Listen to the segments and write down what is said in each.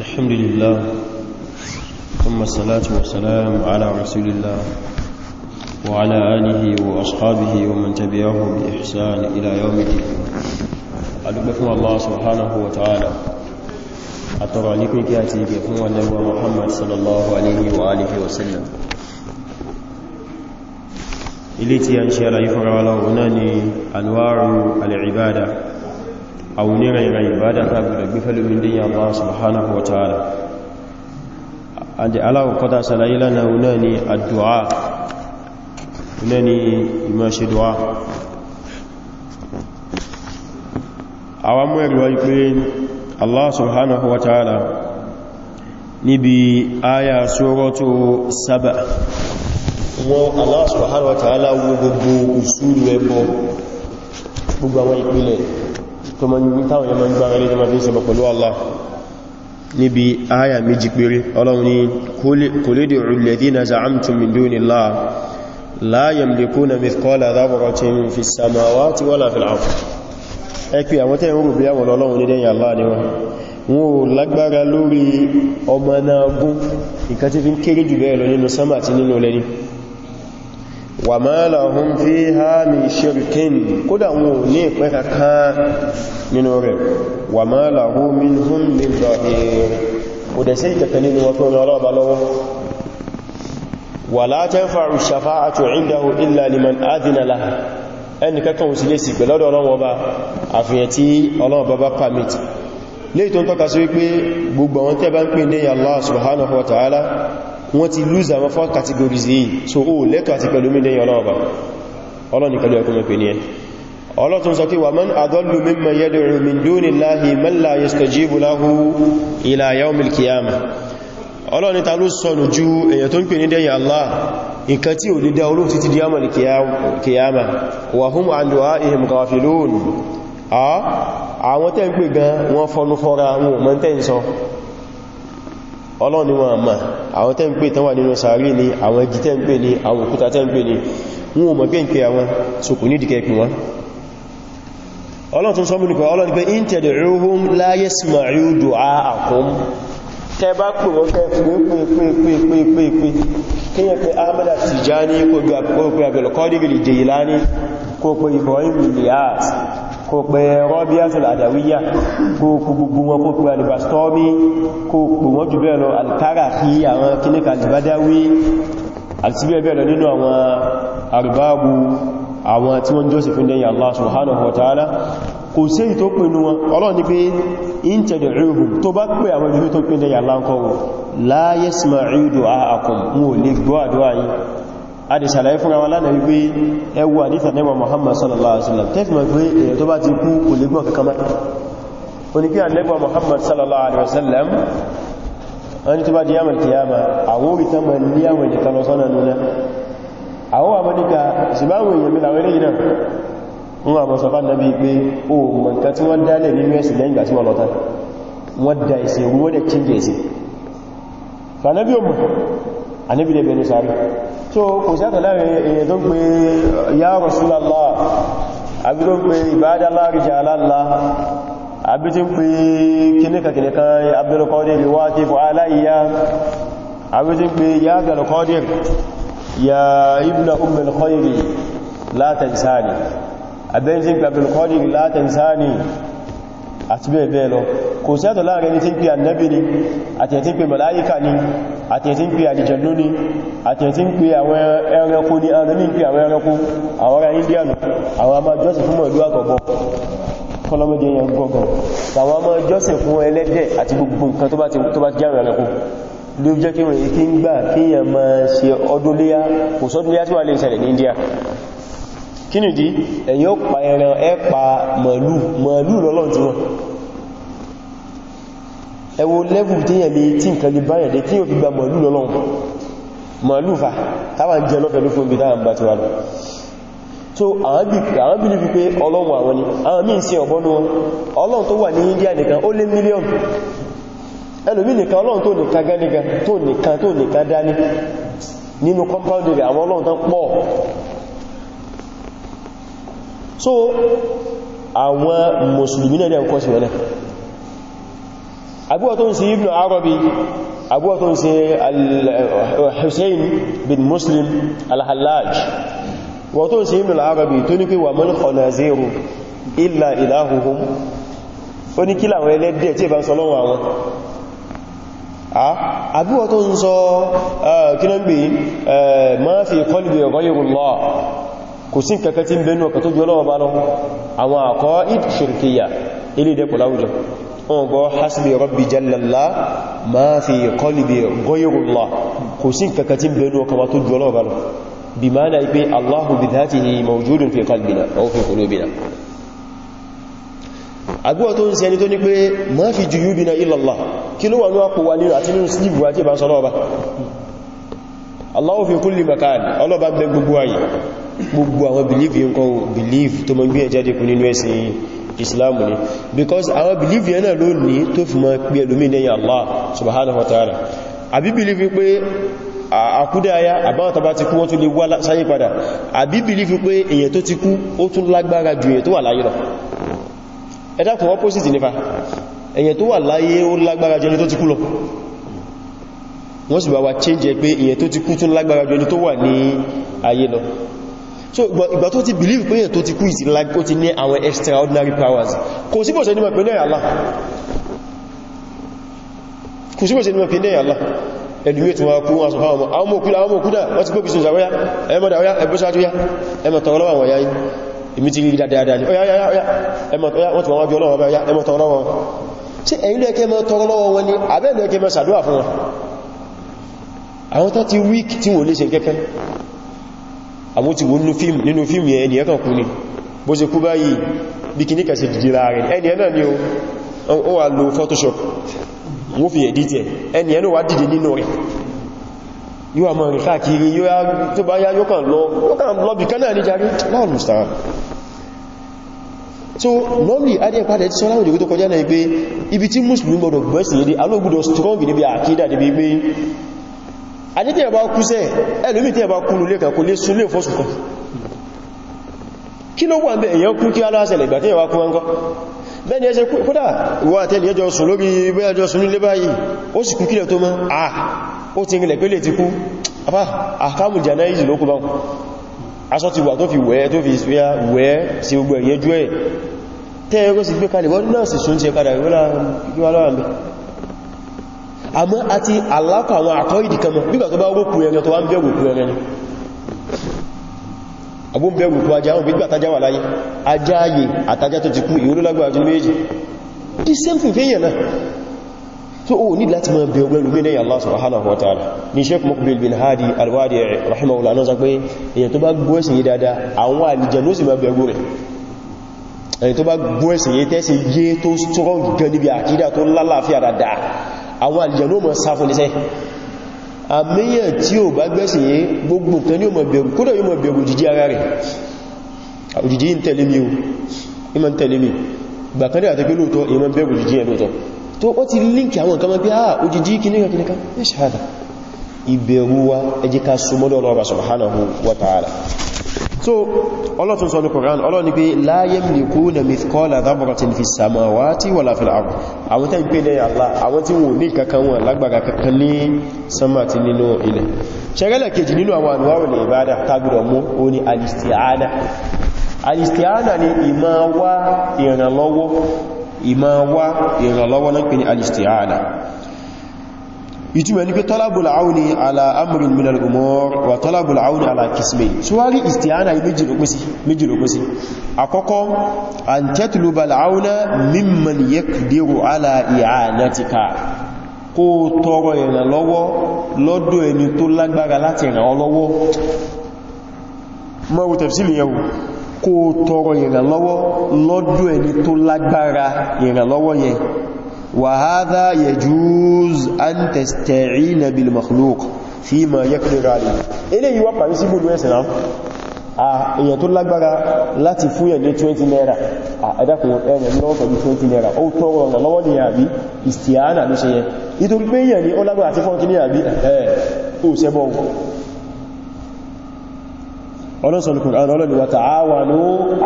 الحمد لله ثم الصلاة والسلام على رسول الله وعلى آله وأصحابه ومن تبعه بإحسان إلى يوم الدين أدبكم الله سبحانه وتعالى أترى لكم كاتب يكون النبوة محمد صلى الله عليه وآله وسلم إليتي أنشي على يفرع له هناني أنوار العبادة àwọn onírin ìrìn ìbádá tá gbọ́dọ̀ gbé fẹ́lómi ní Allah subhanahu wa ta'ala àti aláwọ̀kọ́ta sàlàyé lánàá wọ́n náà ni àdúwà wọ́n ni ìmọ̀ṣe dúwà àwọn mú ẹ̀rọ pé Allah subhanahu wa ta'ala níbi áyà suratu Saba gbogbo àwọn ìpìlẹ̀ tó ma ń táwọn yẹ ma ń gbára lé tó ma fi ń sẹba pẹ̀lú Allah níbi ayà méjì péré ọlọ́run ni qul ud'u alladhina za'amtum min dunillah la yamlikuna mithqala dharratin fis samawati wala fil ard ní dẹ́yìn Allah ni wọn wọn ò tí ń kéré jù bẹ́ẹ̀ lọ nínú sámà wà máa lahum fiha min shirkin kódà wọn ò ní ìpẹ́ kankan nínú rẹ̀ wà máa lahu minhum min zahir kò dẹ̀ sí ìkẹ̀kẹ́ nínú wọn tó rán ọlọ́ọ̀bá lọ́wọ́ wà la tanfa'u shafa'atu 'indahu illa liman adhina laha ẹni kẹ́kàn ò lè sì pẹ̀lọ́dọ̀ ọlọ́wọ́ bá àfihàn tí ọlọ́wọ́ bá pàmìtì lè tó ń tọ́ka sí wípé gbogbo àwọn tẹ́ ń pè ní Allah subhanahu wọ́n ti lose àwọn four categories yìí so ó lẹ́tọ̀ àti pẹ̀lú mídẹ̀ ọlọ́ọ̀bà ọlọ́ni pẹ̀lú ẹkùn mẹ́pẹ̀ ní ẹ ọlọ́tún sọ pé wà man adallu mimman yad'u min dunillahi man la yastajibu lahu ila yawmil Allah nǹkan tí ò lè dá olóòtú ti di yawmil qiyamah wa hum an du'a'ihim ghafilun àwọn tẹ́ ń pè ọlọ́run ni wọ́n àmà àwọn tẹ́ ń pè tán wà nínú sàárì ni àwọn ẹjì tẹ́ ń pè ní àwọn òkúta tẹ́ ń pè ní wọn ò mọ̀ pé ń pè àwọn so kò nídìkẹ́ pè wọ́n ọlọ́run tún sọ mínú pé ọlọ́run pé in tad'uhum la yasma'u du'a'akum tẹ́ bá pè wọ́n kẹ́ pè pè pè pè pè pè pè kí yẹn pé Ahmada Tijani kó pé Abdul Qadir Jilani kó pé Ibrahim Ilyas kò pẹ̀ Rabi'atul Adawiyya kò kò gbogbo wọn kò pẹ̀ alìbàstọ́mí kò pò wọ́n jù bẹ́ẹ̀ lọ alìkáràkí àwọn kíníkà alìbádáwí àti bẹ́ẹ̀ bẹ́ẹ̀ lọ nínú àwọn àrùbáàbù àwọn tí wọ́n jọ́sì fún lẹ́yìn Allah subhanahu wa ta'ala kò sí ìtò pínú wọn Ọlọ́run ní pé in tad'uuhum tó bá pè àwọn ìlú tó pín lẹ́yìn Allah kọwọ́ la yasma'u du'aakum mú lè gbọ́ àdúrà yìí a dì sàlàyé fún àwọn alánà wípé ẹwọ àdífà nẹ́wà Muhammad sallallahu alaihi wasallam tẹ́fì mọ̀ pé èyàn tó bá ti kú kò lè gbọ́n kankan mọ́ oníkí ànẹ́gbà Muhammad sallallahu alaihi wasallam wọ́n ni tó bá di yàmà kìyàmà àwọn òrìta mọ̀ ní àwọn ìdíkan lọ sọ́nà nuna àwọn àmọ́díkà ìsìbáwọn èèyàn mìíràn wẹ́lẹ́ yìí náà wọ́n àmọ́ sọ bá nàbí pé o mọ̀ nǹkan tí wọ́n dálẹ̀ nínú ẹ̀sìn lẹ́yìn ìgbà tí wọ́n lọ́ta wọ́n da ìsìn wọ́n dẹ̀ change ẹ̀sìn fànàbí o mọ̀ ànẹ́bí lè bẹnu sáré so kò sí àtọ̀lá èyàn tó gbé ya Rasulullah àbí tó gbé ibadallah rijalallah àbí tí ń pè kíníkàkíníkan Abdul Qadir wá tí fò aláìyá àbí tí ń pè ya Abdul Qadir ya ibn ummul khayri la tansani àbí tí ń pè Abdul àti ẹ̀ tí ń pè àlìjẹ̀ lóní àti ẹ̀ tí ń pè àwọn ẹranko ní àrẹ́mí ń pè àwọn ẹranko àwọn ará indianu àwọn àmà jọ́sìn fún mọ̀lú àgọ̀gbọ̀ kọlọmọdé yẹn gọ́gọ̀ àwọn àmà jọ́sìn fún ẹlẹ́dẹ̀ àti gbogbo nǹkan tó bá India kí nìdí ẹ̀yin ó pa ẹran pa màálù màálù lọ́lọ́ tí ẹwọ lẹ́bù tí yẹ̀ lè tí nǹkan lè báyẹ̀ dé tí yóò fi gba màálù lọ́lọ́run màálù fà táwà jẹ lọ́fẹ̀ẹ́ ló fún ibi táwà ń bá ti wà lọ so àwọn bí níbi pé ọlọ́run àwọn ni àwọn míì sí ọ̀bọ́nú wọn ọlọ́run tó wà ní India nìkan ó lé mílíọ̀nù ẹlòmí nìkan ọlọ́run tó nìkan gánigan tó nìkan tó nìkan dání nínú compound rẹ̀ àwọn ọlọ́run tán pọ̀ so àwọn mùsùlùmí náà dẹ̀ ń kọ́ sí wọn náà àbúwà tó ń ṣe ibn arabi àbúwà tó ń ṣe hussein bin muslim al-hallaj wọ́n tó ń ṣe ibn arabi tó ní pé wà mọ́n khanaziru illa ilahuhum ó ní kílà àwọn ẹlẹ́dẹ̀ tí ìbá ń sọ lọ́wọ́ àwọn àbúwà tó ń sọ kílọ́gbé ma fi qalbi ghayrullah kò sí kẹ́kẹ́ wọn gbọ́ hasbi rabbi jallalla ma fi qalbi ghayrullah kò sí kankan tí bẹnu ọkà ma tó jù ọlọ́ọ̀bá lọ bí máa na ipé allahu bi dhatihi mawjudun fi qalbina aw fi qulubina agbúwa tó ń ṣe ẹni tó ní pé ma fi juyubina illallah kí ló wà ní àpò wà nínú àti nínú sílìbù àti ìbá sọ lọ́ọ̀bá allahu fi kulli makan ọlọ́ọ̀bá bẹ gbogbo ayé gbogbo àwọn belief ń kọ́ belief tó mọ́ gbé ẹjáde nínú ẹ̀sìn islam ni because àwọn belief yẹn náà ló ní tó fi mọ́ pé ẹlòmí lẹ́yìn allah subhanahu wa ta'ala àbí belief pé àkúdáyá àbáwọn tàbá ti kú wọ́n tún lè wá sáyé padà àbí belief pé èyàn tó ti kú ó tún lágbára ju èyàn tó wà láyé lọ ẹ opposite nípa èyàn tó wà láyé ó lágbára jẹni tó ti kú lọ wọ́n sì bá wa change ẹ pé èyàn tó ti kú tún lágbára jẹni tó wà ní ayé lọ so ìgbà tó ti believe pé èyàn tó ti kú ìsìn lágbó ti ní àwọn extraordinary powers kò síbọ̀ sí ní mọ̀ pé lẹ́yà Allah kò síbọ̀ sí ní mọ̀ pé lẹ́yà Allah ẹ̀dùnmí tí wọ́n kú wọn sọ̀fà ọmọ àwọn òkúdà àwọn òkúdà wọ́n ti gbókùsùn ìsàwọ́yá ẹmọ́dà ọ̀yá ẹgbẹ́sájú yá ẹmọ̀tà ọlọ́wà wọ̀nyá yìí èmi ti rí dáadáa ní ọ̀yá ọ̀yá ẹmọ̀tà ọ̀yá wọ́n ti wọ́n wájú ọlọ́wà bá yá ẹmọ̀tà ọlọ́wà ṣe ẹ̀yin àwọn tó ti wík tí wọ́n lè ṣe àwọn ti wo nínú fíìmù yẹn ẹni ẹ̀kàn kú ní bó ṣe kú báyìí bí kì ní kẹsẹ̀ dìdìra rẹ̀ ẹni ẹ̀nà ni ó wà lo photoshop wọ́n fi ẹ̀dìtẹ̀ ẹni ẹ̀nà wà dìde nínú rẹ̀ yóò àmọ́ rìn káàkiri tó bá yá yóò kàn lọ bí kánà ní jarí láàrùn so normally adé padà ti sọ́láwọ̀ ìdíkò tó kọjá náà pé ibi tí muslim gbọdọ̀ gbẹ́sì yẹ́ dé alógbùdọ̀ strong níbi àkídà àti tí ẹ̀bá kú sẹ́ ẹlùmí tí ẹ̀bá kú lulẹ̀ kò lè súnlẹ̀ fọ́sùkùn kí ló wà ń bẹ èyàn kú kí aláṣẹ̀lẹ̀ ìgbà tí ẹ̀wà kú wọ́nkọ́ bẹ́ẹ̀ni ẹsẹ̀ kúdà wà tẹ́lì ẹjọ́ sùn lórí ẹjọ́ sùn nílé báyìí ó sì kú kílẹ̀ tó mọ́ àà ó ti rinlẹ̀ pé lè ti kú àpá àkámù jàná ìjì ló kú bá aṣọ ti wà tó fi wẹ́ tó fi wẹ́ sí gbogbo ẹ̀yẹjú ẹ̀ tẹ́ ẹgbẹ́ sì gbé kalẹ̀ wọ́n náà sì sún ti ẹ̀kadà ìwọ́lá àmọ́ àti alákọ̀ àwọn àkọ́ ìdì kan mọ́ nígbà tó bá rókù ẹran tó wá ń bẹ̀rù kú ẹran ni agbóhùn bẹ̀rù kú ajá àwọn gbígbà tajá wà láyé ajá ayé àtajá tó ti kú ìwó ló lágbàájú méjì the same thing fẹ́yẹ̀ náà so o ní láti máa bẹ̀rù ẹrù mẹ́lẹ̀ Allah subhanahu wa ta'ala ní Sheikh Muqbil bin Hadi Al-Wadi rahimahullah náà sọ pé èyàn tó bá gbọ́ ẹ̀sìn yìí tẹ́sì yé tó strong gan níbi àkídà tó lálàáfíà dáadáa àwọn àlìjànú mọ̀ sáfún lẹ́sẹ́ àmìyàn tí ó bá gbẹ́sìn yé gbogbo nǹkan ní ó mọ̀ bẹ̀rù kódà yóò mọ̀ bẹ̀rù òjìjí ara rẹ̀ òjìjí ń tẹ̀lé mi o ìmọ̀ ń tẹ̀lé mi gbàkánlẹ̀ àti pé lóòtọ́ ìmọ̀ bẹ̀rù òjìjí ẹ̀ lóòtọ́ tó ó ti líǹkì àwọn nǹkan ah, ìbẹ̀rù wa so Ọlọ́run tún sọ ní Qur'an Ọlọ́run ní pé la yamlikuna mithqala dharratin fis samawati wala fil ard àwọn tẹ́ ń pè lẹ́yìn Allah àwọn tí wọ́n ní kankan wọn lágbára kankan ní sánmà àti nínú ilẹ̀ ṣẹ̀rẹ́lẹ̀ kejì nínú àwọn àníwáwọ̀lẹ̀ ìbádà tágbìdọ̀ mú ó ní alistiana alistiana ni ìmọ̀ wá ìrànlọ́wọ́ ìmọ̀ wá ìrànlọ́wọ́ náà pè ní alistiana ìtumọ̀ ní pé tọ́lábùl àwọnì ala amrin minal umur wà tọ́lábùl àwọnì ala kismi so wá rí ìstìyànà méjì ló pèsè àkọ́kọ́ an tatlubal àwọnà mimman yakdiru ala i'anatika kó tọrọ ìrànlọ́wọ́ lọ́dọ̀ ẹni tó lágbára láti ràn ọ́ lọ́wọ́ mọ́rù tẹ̀fsílì yẹ̀wò kó ìrànlọ́wọ́ وهذا يجوز أن تستعين بالمخلوق فيما يقدر عليه إليه يوقع يسيبوا الويسنا èyàn tó lágbára láti fúyẹ̀ ní 20 naira àdákùn ẹ̀rẹ̀ lọ́wọ́ pẹ̀lú 20 naira ó tọrọ ọ̀nà lọ́wọ́ ní àbí ìstìyànà ló ṣe yẹ nítorí pé èyàn ní ó lágbára àti fọ́nkí ní àbí ẹ̀ẹ́ ó sẹ́bọ̀ ọlọ́sọ̀lù kùrán ọlọ́lù wa ta'awanu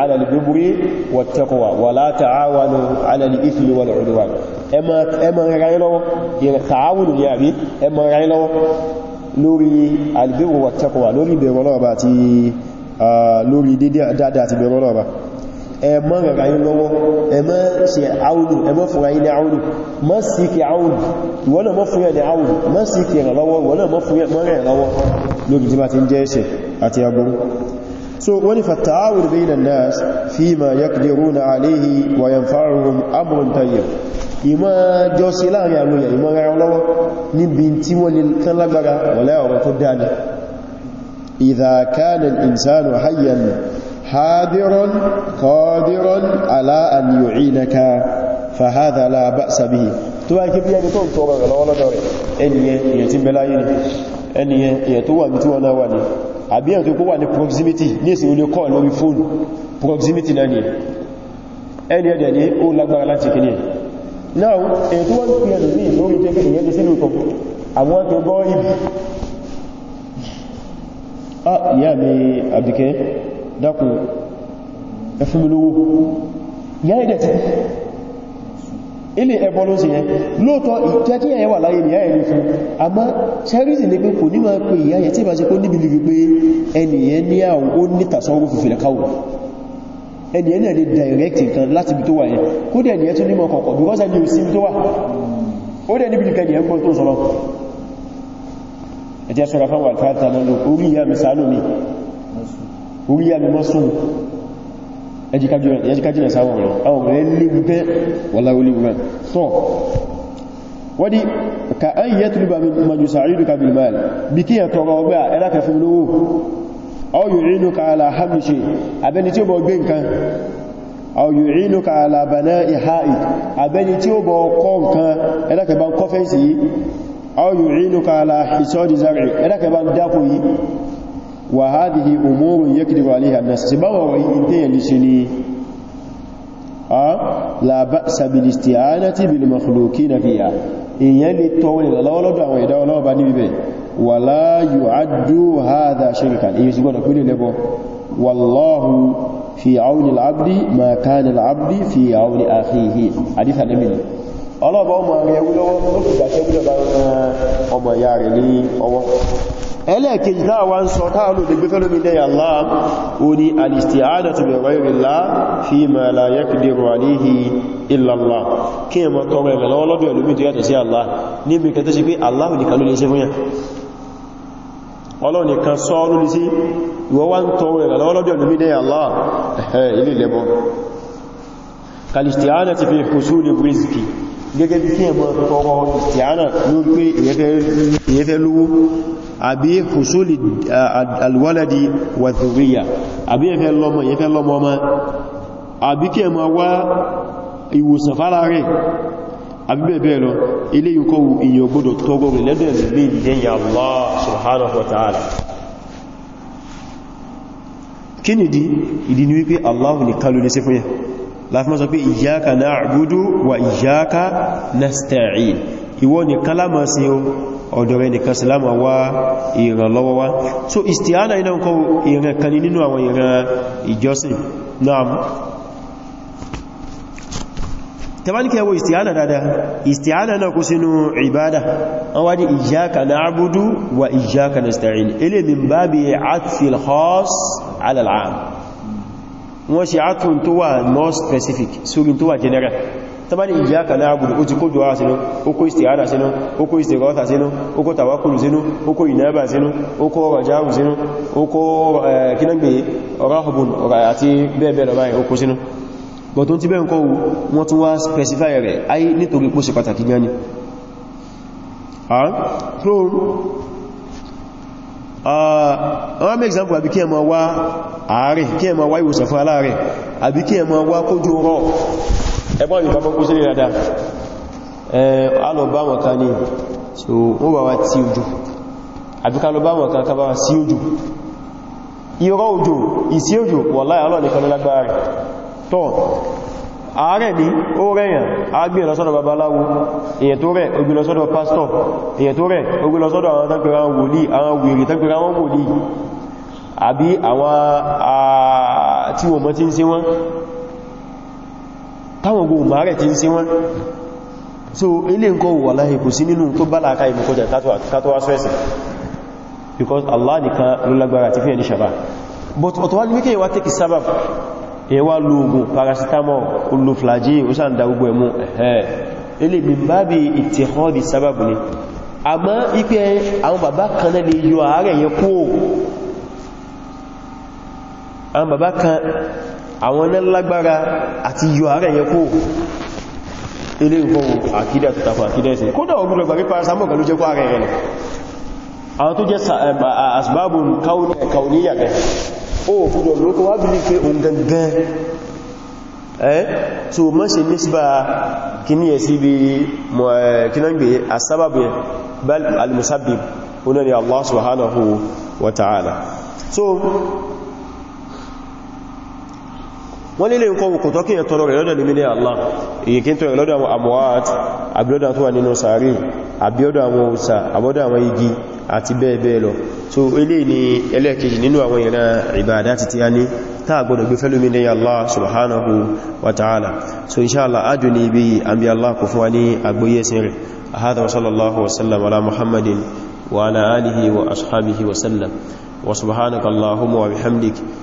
ala al-birri wat taqwa wa la ta'awanu ala al-ithmi wal 'udwan ẹmọ ráyín lọ́wọ́ ìrìnkàáwùn ní àrí ẹmọ ráyín lọ́wọ́ lórí al-birri wat taqwa lórí ìbẹ̀rọ lọ́ọ̀bá àti lórí dédé dáadáa àti ìbẹ̀rọ lọ́ọ̀bá ẹmọ ráyín lọ́wọ́ ẹmọ ṣe áwùnù ẹmọ fún ayé ní áwùnù àti agbóró so wani fata'awur bainan nas fi ma yaqdiruna alayhi wa yanfa'uhum amrun tayyib ìmọ̀ jọsí láàrin àwọn èèyàn ìmọ̀ ara lọ́wọ́ níbi tí wọ́n lè kán lágbára wọ̀lá ọ̀rọ̀ tó dáadà idha kana al-insanu hayyan hadiran qadiran ala an yu'inaka fahadha la ba'sa bihi tó wá kí bí ẹni tó ń tọrọ rẹ̀ lọ́wọ́lọ́dọ̀ rẹ̀ ẹniyẹ ìyẹ̀ tí bẹ́láyé ni ẹniyẹ ìyẹ̀ tó wà ní tí àbí ẹ̀ tó kó wà ní proximity ní èsì olè call lórí fóònù proximity náà ni ẹni ẹ̀dẹ̀ ní ó lágbára láti kìí now èyí tó wọ́n pẹ̀lú ní lórí jẹ́ ìyẹn lè sínú ìtọ́ àwọn tó gọ́ ìbù ah ìyá mi àbìkẹ́ dákùn ẹfúnmilówó ìyá ẹ̀dẹ̀ ilé ẹbọ ló sì yẹn lóòtọ́ ìjẹ́ kí ẹ̀yẹ wà láyé ní ẹ̀yẹ fún àmọ́ ṣẹ́rìsì ní pé kò ní máa pè ìyá yẹ tí bá ṣe kó níbi lè pé ẹnìyẹn ní àwọn ó ní tàṣọ́rọ̀ fìfìlẹ̀ káwọ̀ ẹnìyẹn náà lè direct nǹkan láti ibi tó wà yẹn kó dẹ̀ ẹnìyẹn tún ní mọ̀ kọ̀kọ̀ because ẹni ò sí ẹjíkájìnà sáwọn rẹ̀ àwọn rẹ̀ léwu bẹ́ wàláwó léwu bẹ́ tọ́ wọ́n ni ka an yẹ tuluba maju sa'aridu ka bilmal bí kí yẹ tọrọ ọgbẹ́ ẹlákẹ fún lówó aw yu'inuka ala hamishe abẹni tí ó bọ̀ gbé nǹkan aw yu'inuka ala bana'i ha'id abẹni tí ó bọ̀ kọ́ nǹkan ẹlákẹ bá ń kọ́fẹ́ sí yìí aw yu'inuka ala hisodi wa hadhihi umurun yakdiru alaiha an-nas sibawa wa inte yalishini a la ba'sa bil isti'anati bil makhluqin fiha iyan le tawle lawolodo àwọn ẹ̀dá Ọlọ́run ba ni bibe wala yu'addu hadha shirkan iyan sigodo kule lebo wallahu fi auni al-abdi ma kana al-abdi fi auni akhihi hadith anabi ọlọ́ọ̀bá ọmọ rẹ̀ wúlọ́wọ́ ló fi gbàṣẹ́ wúlọ́bá ọmọ ìyá rẹ̀ ní ọwọ́ ẹlẹ́ẹ̀kejì náà wá ń sọ táà ló lè gbẹ́fẹ́ lómi dẹ́yà Allah ó ní al-isti'adatu bi ghayri Allah fima la yaqdiru alayhi illa Allah kí ẹmọ tọrọ ẹ̀rẹ̀ lọ́wọ́ lọ́dọ̀ ẹlòmí tó yàtọ̀ sí Allah níbi kẹta sí pé Allah nìkan ló lè ṣe fún yà ọlọ́run nìkan sọ ló lè sí ìwọ wá ń tọrọ ẹ̀rẹ̀ lọ́wọ́ lówó àbí husuli alwaladi wa dhurriya àbí ẹfẹ́ lọ́mọ ẹfẹ́ lọ́mọ ọmọ àbí kí ẹmọ wá ìwòsàn fára rẹ̀ àbí bẹ́ẹ̀ bẹ́ẹ̀ lọ ilé yíkọ́ ìyàn gbọ́dọ̀ tọ́gọ́rùn lẹ́dọ̀ ẹ̀mí ìdẹ́yìn Allah subhanahu wa ta'ala kí ni di ìdí ni wípé Allahu sí o ọ̀dọ̀ rẹ̀ nìkan sílámà wá ìrànlọ́wọ́ wá so isti'ana iná nǹkan ìran kan nínú àwọn ìran ìjọsìn náà tẹbáníkẹ́ wo isti'ana dáadáa isti'ana náà kó sínú ìbádà wọ́n wá ní iyyaka na'budu wa iyyaka nasta'in ilé min babi atfil khas ala al'am wọ́n ṣe atun tó wà more specific sórí tó wà general tàbí iyyaka na'budu ó ti kó du'a sínú ó kó isti'ana sínú ó kó istighatha sínú ó kó tawakkul sínú ó kó inaba sínú ó kó raja'u sínú ó kó kinagbe rahbun àti bẹ́ẹ̀bẹ́ẹ̀ lọ báyìí ó kó sínú but on ti example àbí kí ẹ ma wá àárẹ̀ kí ẹ ma wá ẹgbọ́n yóò bá kú sí rádá alọ̀bá wọn ká ní so wọ́n bá wá tí ojú àbíká lọ bá wọn ká ká bá wá sí ojú irọ́ ojú ìsí ojú wọ́láyà ọlọ́nìkan lágbára rẹ̀ tọ́ ààrẹ ní ó rẹ̀yàn agbìyàn lọ́sọ́dọ̀ babaláwo èyàn tó rẹ̀ ogun lọ́sọ́dọ̀ pásítọ̀ èyàn tó rẹ̀ ogun lọ́sọ́dọ̀ àwọn tánkìrà wòlí àwọn wèrè tánkìrà wọ́n wòlí àbí tí wọ́n mọ́ tí ń ṣe wọ́n táwọn ogun màárẹ̀ ti ń sí wọ́n so ilé ń kọ́ wà láhì kò sí nínú tó bá láàká ìmúkọjẹ̀ kátọ́wà sọ́ẹ̀sì because Allah nìkan ló lágbára ti fi ẹni ṣàbá but ọ̀tọ̀ ní wíkẹ́ ìwá tẹ́kì sábàb ẹwà lo ogun paracetamol gbogbo bi ni kan àwọn bàbá kan àwọn náà lágbára àti yọ ààrẹ yẹn kó ilé nǹkan àkídà tó tako àkídà ẹ̀sìn kódà ogun lọ gbàrí parasamọ́ kan ló jẹ́ kó ààrẹ rẹ̀ àwọn tó jẹ́ asbábù kauniya rẹ̀ ó fújọ lókó wá bí ní pé òun gangan ẹ́ tó mọ́ ṣe nísbà kíní ẹ̀ wọ́n lè nǹkan òkùn tó kíyàn tọrọ rẹ̀ lọ́dọ̀ lè mílẹ̀ Allah èyí kí n tọrọ lọ́dọ̀ àwọn àmọ́wàt àbíọ́dọ̀ tó wà nínú sàárì àbíọ́dọ̀ àwọn òsà àbọ́dọ̀ àwọn igi àti bẹ́ẹ̀ bẹ́ẹ̀ lọ so ilé ni ẹlẹ́ẹ̀kejì nínú àwọn ìran ìbàdá ti ti a ní tá gbọdọ̀ gbé fẹ́lú mílẹ̀ Allah subhanahu wa ta'ala so inshallah ajo ni